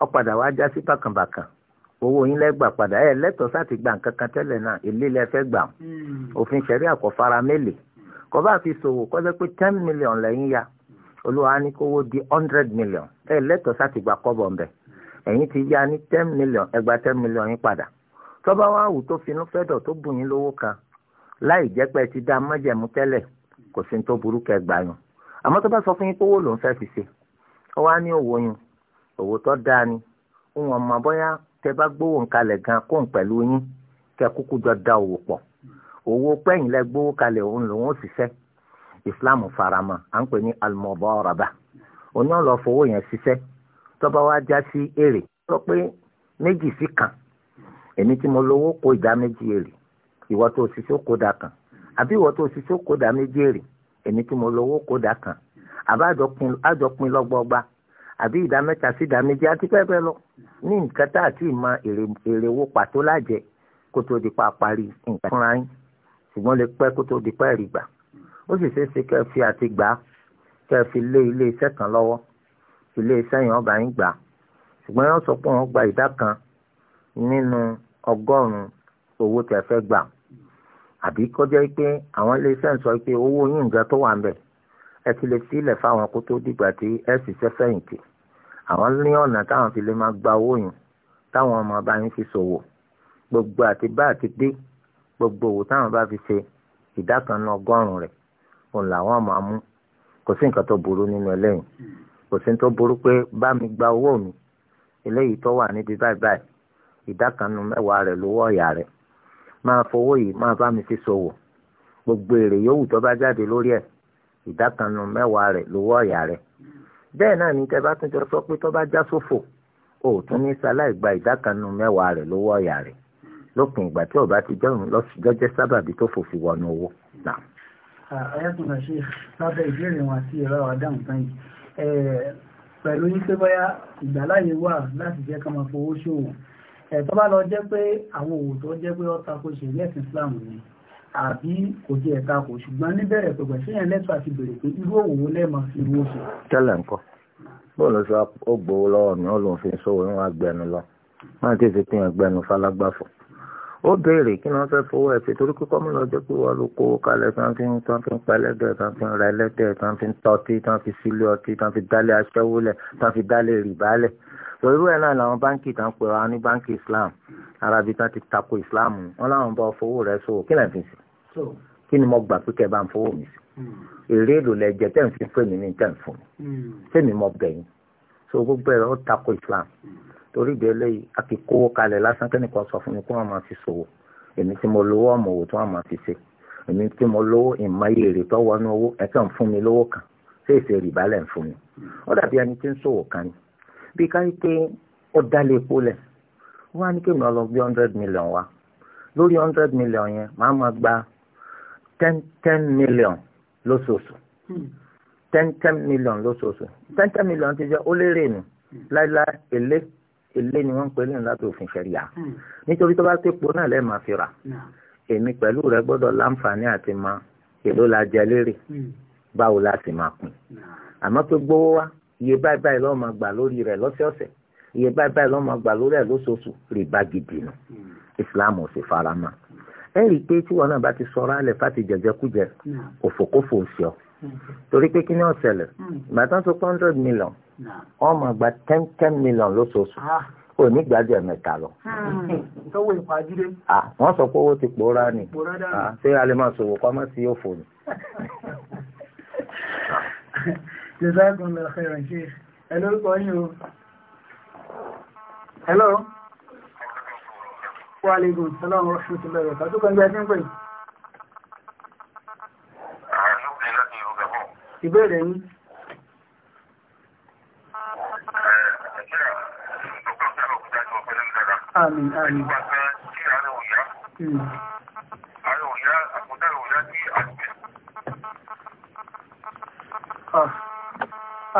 ó padà wá já sí bákànbákàn owó yín lẹ́gbà padà ẹ̀ lẹ́tọ̀ọ́ sáti gba nǹkan kan tẹ́lẹ̀ náà èlé lẹ fẹ́ gbà hmm. òfin ṣẹ̀rí àkọ́fara mélèé hmm. kọ́ bá fi ṣòwò kọ́ jẹ́ pé ten million lẹ́yìn ya olúwa ní kówó di hundred million ẹ̀ lẹ́tọ̀ọ́ sáti gba kọ́bọ̀ ń bẹ̀ ti ya ní ten million ẹ gba ten million yín padà tọ́ba wa wù tó finú fẹ́dọ̀ tó bù yín lówó kan láì jẹ́ pé ti da májẹ̀mú tẹ́lẹ̀ kò sí tó burú kẹ́ gbà yun àmọ́ tó bá tẹ bá gbówó nkalẹ̀ gan kóhùn pẹ̀lú yín kẹ kúkú jọ da òwò pọ̀ owó pẹ́yìn lẹ gbówó kalẹ̀ òun lòun ò ṣiṣẹ́ islam farama à ń pè ní almubaraba oní ọ̀lọ́ fowó yẹn ṣiṣẹ́ tọ́ba wa já sí èrè sọ pé méjì sí kan èmi tí mo lówó kó ìdá méjì èrè ìwọ tó ṣiṣẹ́ kó da kan àbí ìwọ tó ṣiṣẹ́ kó da méjì èrè èmi tí mo lówó kó da kan àbá àjọpin lọ́gbọ́gba àbí ìdá mẹ́ta sí ìdá méjì àti bẹ́ẹ̀ bẹ́ẹ̀ lọ ní nǹkan tá àti ìmọ̀ èrè owó pàtó lájẹ kó tó di pa parí nǹkan fúnra yín ṣùgbọ́n lè pẹ́ kó tó di pa ẹ̀rì gbà ó sì ṣeé ṣe kẹ́ ẹ fi àti gbà á kẹ́ ẹ fi lé ilé iṣẹ́ kan lọ́wọ́ ilé iṣẹ́ yẹn ọba yín gbà á ṣùgbọ́n yẹn sọ pé wọ́n gba ìdá kan nínú ọgọ́rùn-ún owó tẹ́ fẹ́ gbà àbí kọjá pé àwọn ilé iṣẹ́ ń sọ pé owó yín nǹkan tó wà ń bẹ̀ ẹ ti lè sílẹ̀ fáwọn kó tó dìgbà tí ẹ sì ṣẹ́fẹ̀yìntì àwọn ní ọ̀nà táwọn fi lè máa gba owó yẹn táwọn ọmọ bá yín fi ṣòwò gbogbo àti bá àti dé gbogbo òwò táwọn bá fi ṣe ìdá kan náà ọgọ́rùn-ún rẹ̀ òun làwọn máa mú kò sí nǹkan tó burú nínú ẹlẹ́yìn kò sí tó burú pé bá mi gba owó mi eléyìí tó wà níbi báyìí ìdá kan nu mẹ́wàá rẹ̀ lówó ọ̀yà rẹ̀ máa fowó yìí máa bá mi fi ṣòwò gbogbo èrè yòówù tó bá jáde lórí ẹ̀ ìdá kan nu mẹ́wàá rẹ̀ lówó ọ̀yà rẹ̀ bẹ́ẹ̀ náà ní tẹ́ bá tún jọ sọ pé tó bá já sófò o ò tún ní sáláì gba ìdá kan nínú mẹ́wàá rẹ̀ lọ́wọ́ ọ̀yà rẹ̀ lópin ìgbà tí ọba ti jọ́jẹ́ sábàbí tó fò fi wọnú owó. ayatollah ṣe lábẹ́ ìbéèrè wọn àti ìrọ̀ àdáhùn tán yìí pẹ̀lú yín pé bóyá ìgbàláyé wà láti jẹ́ ká máa fowó ṣòwò tó bá lọ jẹ́ pé àwọn òwò tó jẹ́ pé ó tako ṣẹ̀ríà Islam ni àbí kò jẹ́ ẹ̀ka kò ṣùgbọ́n níbẹ̀rẹ̀ pẹ̀pẹ̀ ṣé yẹn lẹ́tọ̀ àti bèrè pé irú òwò lẹ́ẹ̀mọ sí irú oṣù. tẹ́lẹ̀ ńkọ́ bóun ló sọ ó gbowó lọ́wọ́ mi ó lóun fi sówó ń wá gbẹnu lọ máa tí èsì pín ẹgbẹnu falágbàfọ̀ ó béèrè kí wọ́n fẹ́ fowó ẹ̀ fi torí kíkọ́ mú lọ jẹ́ pé wọ́n ló kó kalẹ̀ tán fi ń tán fi ń pa ẹlẹ́dẹ̀ tán fi ń ra ẹlẹ́dẹ̀ tán fi tọ́tí tán fi sílé ọtí tán fi dálé aṣẹ́wó lẹ̀ tán fi dálé rìbá so irú ẹ̀ náà làwọn báńkì kan pè wá ní báńkì islam arabi tán ti tako islam wọn láwọn bá fowó rẹ̀ sọ kí lẹ́ẹ̀ fi sí kí ni mo gbà pé kẹ́ bá ń fowó mi sí hmm. èrè èlò lẹ́jẹ̀ tẹ̀ ń fi fún mi ní tẹ̀ ń fún mi sẹ́mi hmm. mo bẹ̀yìn so gbogbo ẹ̀ ó tako islam hmm. torí ìdí eléyìí a kì í kówó kalẹ̀ lásán kẹ́nìkan sọ fún mi kí wọ́n máa fi ṣòwò èmi tí mo lówó ọmọ òwò tí wọ́n máa fi ṣe èmi tí mo lówó ìmọ̀ye tó wọnú owó ẹ̀kẹ́ ń fún mi lówó kan ṣé èsè rìbá ń fún mi ó dàbí ẹni tí ń ṣòwò kan ni bí káyí pé ó dálé epo lẹ̀ wọ́n á ní kí èèyàn lọ gbé hundred million wa, lórí hundred million yẹn màá máa gba ten ten million lóṣooṣù hmm. ten ten million lóṣooṣù ten ten million ti jẹ́ ó lérè nù hmm. láíláí èlé èlé ni wọ́n ń pè lẹ́yìn láti òfin ṣẹ̀ríà hmm. nítorí tó bá pé epo náà lẹ́ẹ̀ máa fi rà èmi pẹ̀lú rẹ gbọ́dọ̀ láǹfààní àti máa èló la jẹ lérè báwo la sì máa pín àmọ́ tó gbówó wá iye báyìí báyìí lọ́ọ́ máa gbà lórí rẹ̀ lọ́sẹ̀ọ̀sẹ̀ iye báyìí báyìí lọ́ọ́ máa gbà lórí rẹ̀ lóṣooṣù rè bá gidi nù islam ò sì fara mọ́ ẹ rí i pé tí wọn náà bá ti sọ̀rọ̀ alẹ́ fáti jẹjẹkújẹ òfòkófò ń ṣọ torí pé kí ni ó ṣẹlẹ̀ ìbátan tó hundred million wọn máa gba ten ten million lóṣooṣù ò ah. ní gbàdúrà ẹ̀mẹ́ta lọ. Hmm. Ah, wọ́n sọ pé owó ti pòórá ni ah, ṣé alẹ́ máa ṣòwò kọ́ mọ́ sí ni. Jazakumullahu khairan Sheikh. Hello, kọ́ yín o. Hello. Wa alaikum salam wa rahmatullahi wa barakatuh. Kan gbẹ́ tí ń pè. Ìbéèrè Àmín, àmín.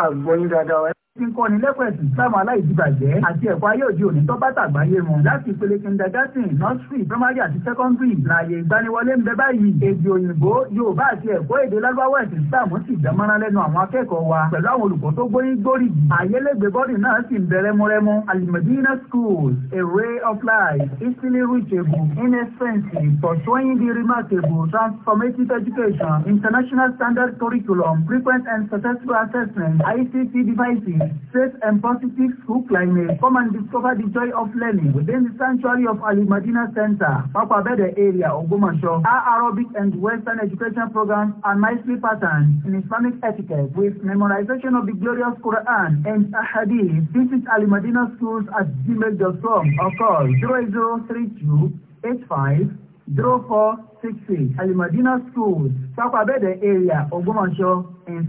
Ah, going to dáadáa kíkọ́ni lẹ́kọ̀ọ́ ẹ̀sìn islam aláìdíbàjẹ́ àti ẹ̀kọ́ ayé òde òní tó bá tàgbáyé mu láti ìpele kindergarten nursery primary àti secondary láàyè ìgbaniwọlé ń bẹ báyìí èdè òyìnbó yorùbá àti ẹ̀kọ́ èdè lágbàwọ ẹ̀sìn islam sì dámọ́ràn lẹ́nu àwọn akẹ́kọ̀ọ́ wa pẹ̀lú àwọn olùkọ́ tó gbóyìn gbórí àyẹlẹgbẹ bọ́ọ̀dì náà sì ń bẹ rẹ́múrẹ́mú alimedina schools a ray of life easily reachable inexpensive pursuing the remarkable transformative education international standard curriculum frequent and successful assessment ICT devices Faith positive school climate come and discover the joy of learning within the sanctuary of Ali Madina Center, Papa Bede area, Ogbomoso. Our Arabic and Western education programs are nicely patterned in Islamic etiquette with memorization of the glorious Quran and Ahadith. Visit Ali Madina schools at gmail.com or call 0032 85 zero four six six Alimadina Schools, Sapabede area, Ogbomoso, in.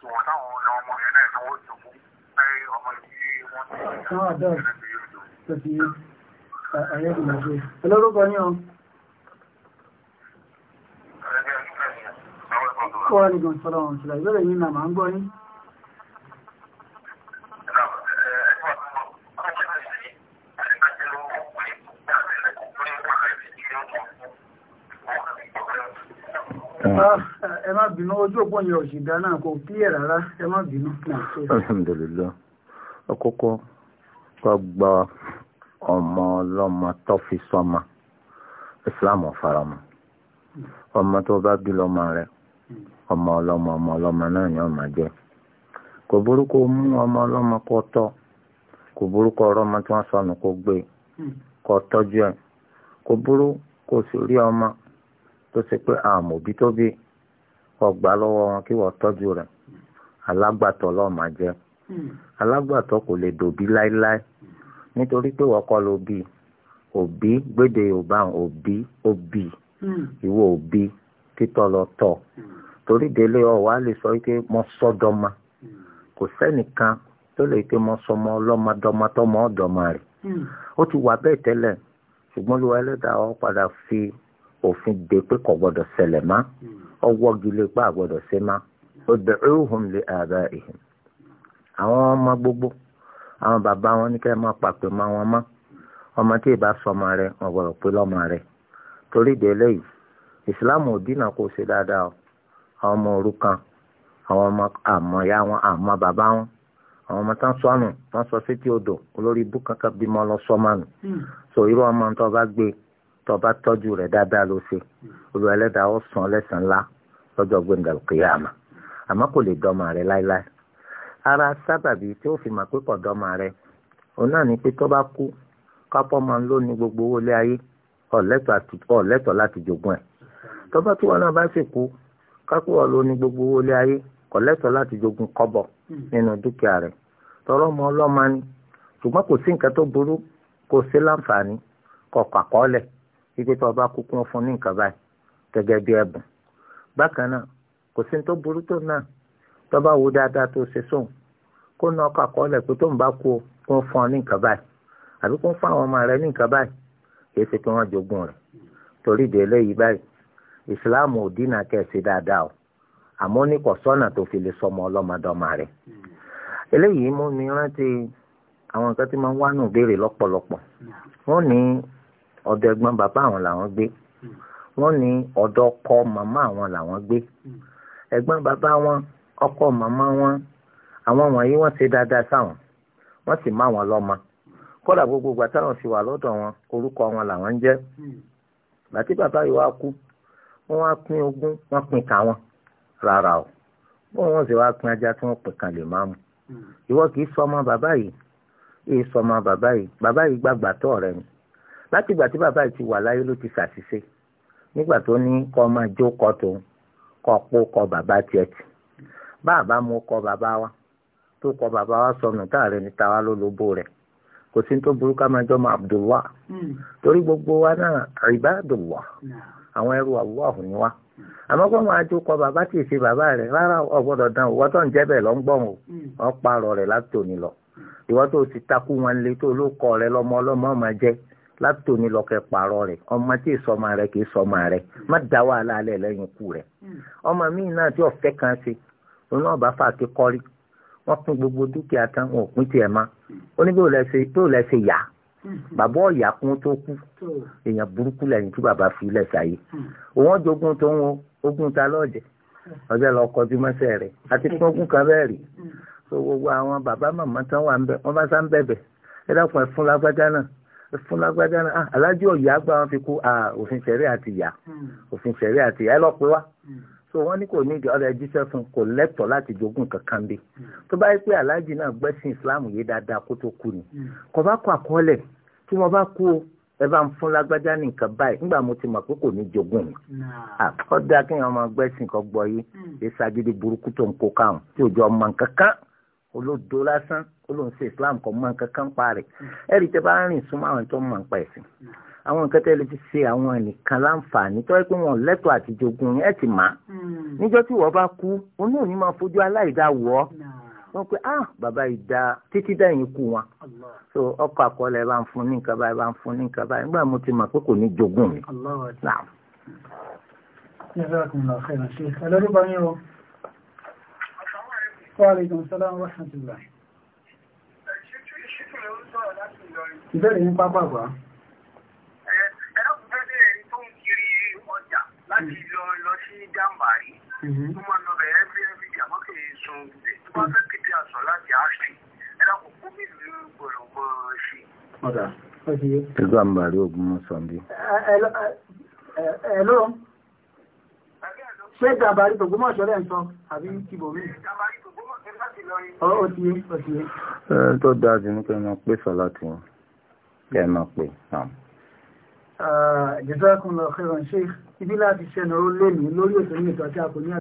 ṣùgbọ́n táwọn ọmọ yẹn náà tó wọ́n jogún pé ọmọ yìí wọ́n ti ṣe Wọ́n ni gan sọ́lọ́wọ́n ṣùgbọ́n ìbẹ̀rẹ̀ yìí náà máa ń gbọ́ yìí. Ah. ẹ má bínú ojú òpó yẹn ò sì dáná kò kílẹ̀ rárá ẹ má bínú. alhamdulilayi ọkọ̀kọ́ kọ́ gba ọmọ tó fi islam ọmọ tó bá bí lọmọ rẹ ọmọ ọlọmọ ọmọ ọlọmọ náà ni ọmọ jẹ kò burúkú mú ọmọ kò burúkú tí sọnù hmm. tó ṣe pé àwọn òbí tó bí ọgbà lọ́wọ́ wọn kí wọ́n tọ́jú rẹ̀ alágbàtọ́ lọ́ọ́ máa jẹ́ alágbàtọ́ kò lè dòbí láéláé nítorí pé wọ́n kọ́ ló bí òbí gbédè yorùbá òbí òbí ìwọ òbí títọ́ lọ tọ́ torí délé ọ̀wá lè sọ pé mo sọ́dọ́mà kò sẹ́nìkan tó lè pé mo sọmọ ọlọ́mọdọ́mọ tọmọ ọ̀dọ́mọ rẹ̀ hmm. ó ti wà bẹ́ẹ̀ tẹ́lẹ̀ ṣùgbọ́n ló wà ẹlẹ́dàá ọ padà fi òfin de pé kò gbọdọ̀ ṣẹlẹ̀ má ọwọ́gilé hmm. pé àgbọdọ̀ ṣe má ud'uhum li aba'ihim àwọn ọmọ gbogbo àwọn bàbá wọn ní kẹ́ ẹ má pàpè má wọn má ọmọ tí ìbá sọmọ rẹ wọn gbọdọ̀ pé lọ́mọ rẹ torí ìdè eléyìí ìsìláàmù òdì náà kò ṣe dáadáa o àwọn ọmọ òrukàn àwọn ọmọ àmọ ya wọn àmọ́ bàbá wọn àwọn ọmọ tán sọnù tán sọ sétí odò olórí ibú kankan bímọ lọ sọmọ nù hmm. so irú ọmọ tó bá gbé tó bá tọ́jú rẹ̀ dáadáa ló ṣe Olúwa Ẹlẹ́dàá ó san lẹ́san ńlá lọ́jọ́ gbẹ̀ngàn kìyàmà àmọ́ kò lè dọ́mọ rẹ̀ láéláé ara sábàbí tí ó fi mà pé kò dọ́mọ rẹ̀ òun náà ni pé tó bá kú kápọ́ máa ń lò ní gbogbo owó ilé ayé ọ̀lẹ́tọ̀ láti jogún ẹ̀ tó bá tí wọn náà bá sì kú kápọ́ ọ̀ lò ní gbogbo owó ilé ayé ọ̀lẹ́tọ̀ láti jogún kọ́bọ̀ nínú dúkìá rẹ̀ tọrọ ọmọ ọlọ́mọ ni ṣùgbọ́n kò sí nǹkan tó burú kò sí láǹfààní kọ̀ọ̀kọ̀ àkọọ́lẹ̀ wípé tó o bá kú kí wọ́n fún ní nǹkan báyìí gẹ́gẹ́ bí ẹ̀bùn bákan náà kò sí tó burú tó náà tó bá wo dáadáa tó ṣe sóun kó na ọkọ àkọọ́lẹ̀ pé tó ń bá kú o kí wọ́n fún ọ ní nǹkan báyìí àbí kó fún àwọn ọmọ rẹ ní nǹkan báyìí kì í ṣe pé wọ́n jogún rẹ̀ torí ìdè eléyìí báyìí ìsìláàmù ò dínà kẹ̀sí dáadáa o àmọ́ ní kò sọ́nà tó fi lè sọmọ ọlọ́mọdọ́mọ rẹ̀ eléyìí mú mi rántí àwọn nǹkan tí máa ń wá nù béèrè lọ́pọ̀lọpọ̀ wọ́n ní ọ̀dọ̀ ẹ̀gbọ́n bàbá àwọn làwọn gbé wọ́n ní ọ̀dọ̀ ọkọ màmá àwọn làwọn gbé ẹ̀gbọ́n bàbá wọn ọkọ màmá wọn àwọn wọ̀nyí wọ́n ṣe dáadáa sáwọn wọ́n sì má wọn lọ́mọ kódà gbogbo ìgbà táwọn fi wà lọ́dọ̀ wọn orúkọ wọn làwọn ń jẹ́ bàtí bàbá yìí wá kú wọ́n wá pín ogún wọ́n pín ka wọn rárá o wọ́n wọ́n sì wá pín ajá tí wọ́n pín kan lè máa mú ìwọ kì í sọ ọmọ bàbá yìí kì í sọ ọmọ bàbá yìí bàbá yìí gbàgbà tọ́ rẹ ni láti ìgbà tí bàbá yìí ti wà láyé ló ti ṣàṣìṣe nígbà tó ní kọ́ máa jó kọ́ tòun kọ́ pó kọ́ bàbá tiẹ̀ tì bàbá mú kọ́ bàbá wa tó kọ́ bàbá wa sọnù táàrẹ̀ ní tàwa ló lóbó rẹ̀ kò sí tó burú ká máa jọ́ máa Abdullah hmm. torí gbogbo wa náà Ibadullah hmm. àwọn ẹrú Allah ni wa àmọ́ kó máa jó kọ́ bàbá tí ì ṣe bàbá rẹ̀ rárá ọ̀gbọ́dọ̀ dán òwò tó ń jẹ́ bẹ́ẹ̀ lọ́ ń gbọ̀n o hmm. ọ̀ parọ̀ rẹ̀ látòní lọ ìwọ́n tó ti takú wọn lé tó ló kọ́ rẹ̀ lọ́mọ ọlọ́mọ máa jẹ́ látò ní lọ́kẹ́ pààrọ̀ rẹ̀ ọmọ tí ìsọmọ rẹ̀ kì í sọmọ rẹ̀ má da wàhálà alẹ́ lẹ́yìn ikú rẹ̀ hmm. ọmọ míì náà tí ọ̀fẹ́ kan ṣe òun náà bá fà ké kọ́rí wọ́n pín gbogbo dúkìá tán wọn ò pín tiẹ̀ má ó ní bí ó lẹ́ ṣe yá hmm. bàbá ọ̀yà kún tó kú èèyàn burúkú lẹ́yìn tí bàbá fi lẹ̀ sáyé hmm. òun ọjọ́gún tó ń wo ogún ta lọ́ọ̀jẹ̀ ọjọ́ lọ kọjú mọ́sẹ̀ rẹ̀ àti pín ogún kan bẹ́ẹ̀ rí gbogbo àwọn bàbá màmá tán wà ń bẹ wọ́n bá sá ń bẹ̀bẹ̀ ẹ dákun ẹ fún lágbájá náà fún lágbájá náà ah, alájọ ọ̀yà gbà wọn fi kú ah, òfin ṣẹ̀rí àti ìyá hmm. òfin ṣẹ̀rí àti ìyá ẹ lọ́ọ́ pé wá hmm. so wọ́n ní kò ní ìdí ọ̀rẹ́ jíṣẹ́ fún kò lẹ́tọ̀ọ́ láti jogún kankan bí hmm. tó bá yẹ pé aláàjì náà gbẹ́sìn islam yé dáadáa kó tó kú ni kò bá kọ àkọọ́lẹ̀ tí mo bá kú o ẹ bá ń fún lágbájá ní nǹkan báyìí nígbà mo ti mọ̀ pé kò ní jogún ni àkọ́dá ah, kí wọ́n máa gbẹ́sìn kan gbọ́ yìí olódo lásán olóhùn sí islam kò mọ nǹkan kan pa rẹ̀ mm. ẹ̀rí tẹ́ bá rìn súnmọ́ àwọn tó mọ̀ nípa ẹ̀sìn mm. àwọn nǹkan tẹ́ lè fi ṣe àwọn ẹnìkan láǹfààní tọ́ pé wọn lẹ́tọ̀ọ́ àti jogún ẹ̀ ti mà á mm. níjọ́ tí wọ́n bá kú onú òní máa fojú aláìdá wọ̀ ọ́ wọ́n pe ah bàbá yìí da títí dẹ́yìn ikú wọn so ọkọ̀ àkọọ́lẹ̀ bá ń fún ní nǹkan báyìí bá ń fún ní nǹkan báyìí nígbà mo ti mọ̀ pé kò ní jogún mi. ẹ lọ́dún bá yín o. Wàhálàìkùn sọ́lọ́run rọ̀ṣàtìlá. Ìbẹ̀rẹ̀ ní pápá wà. Ẹ̀rọ̀kùnrin tó ń kiri ọjà láti lọ lọ sí Jàmbàrí. Tó máa lọ bẹ̀rẹ̀ every every day, àmọ́ kìí sun ìdè. Tó bá fẹ́ kété àṣọ láti Ashton. Ẹ̀rọ̀kùnrin bí ìlú gbọ̀rọ̀gbọ̀ ṣe. Ọ̀dà, ó ti yé. Jàmbàrí ogun mọ́ Sọ̀ndé. Ẹ̀lọ́. Ṣé Jàmbàrí tògbómọ̀ṣọ́ lẹ́ ń sọ àbí kìbòmí? Jàmbàrí tó dáa jù ní kẹ́ẹ̀mọ̀ pé sọ́lá tí wọ́n kẹ́ẹ̀mọ̀ pé náà. Jazakumullahu khairan Sheikh ibi láti ṣẹ́nà ó lè ní lórí òtò ní ìtọ́jú àkóní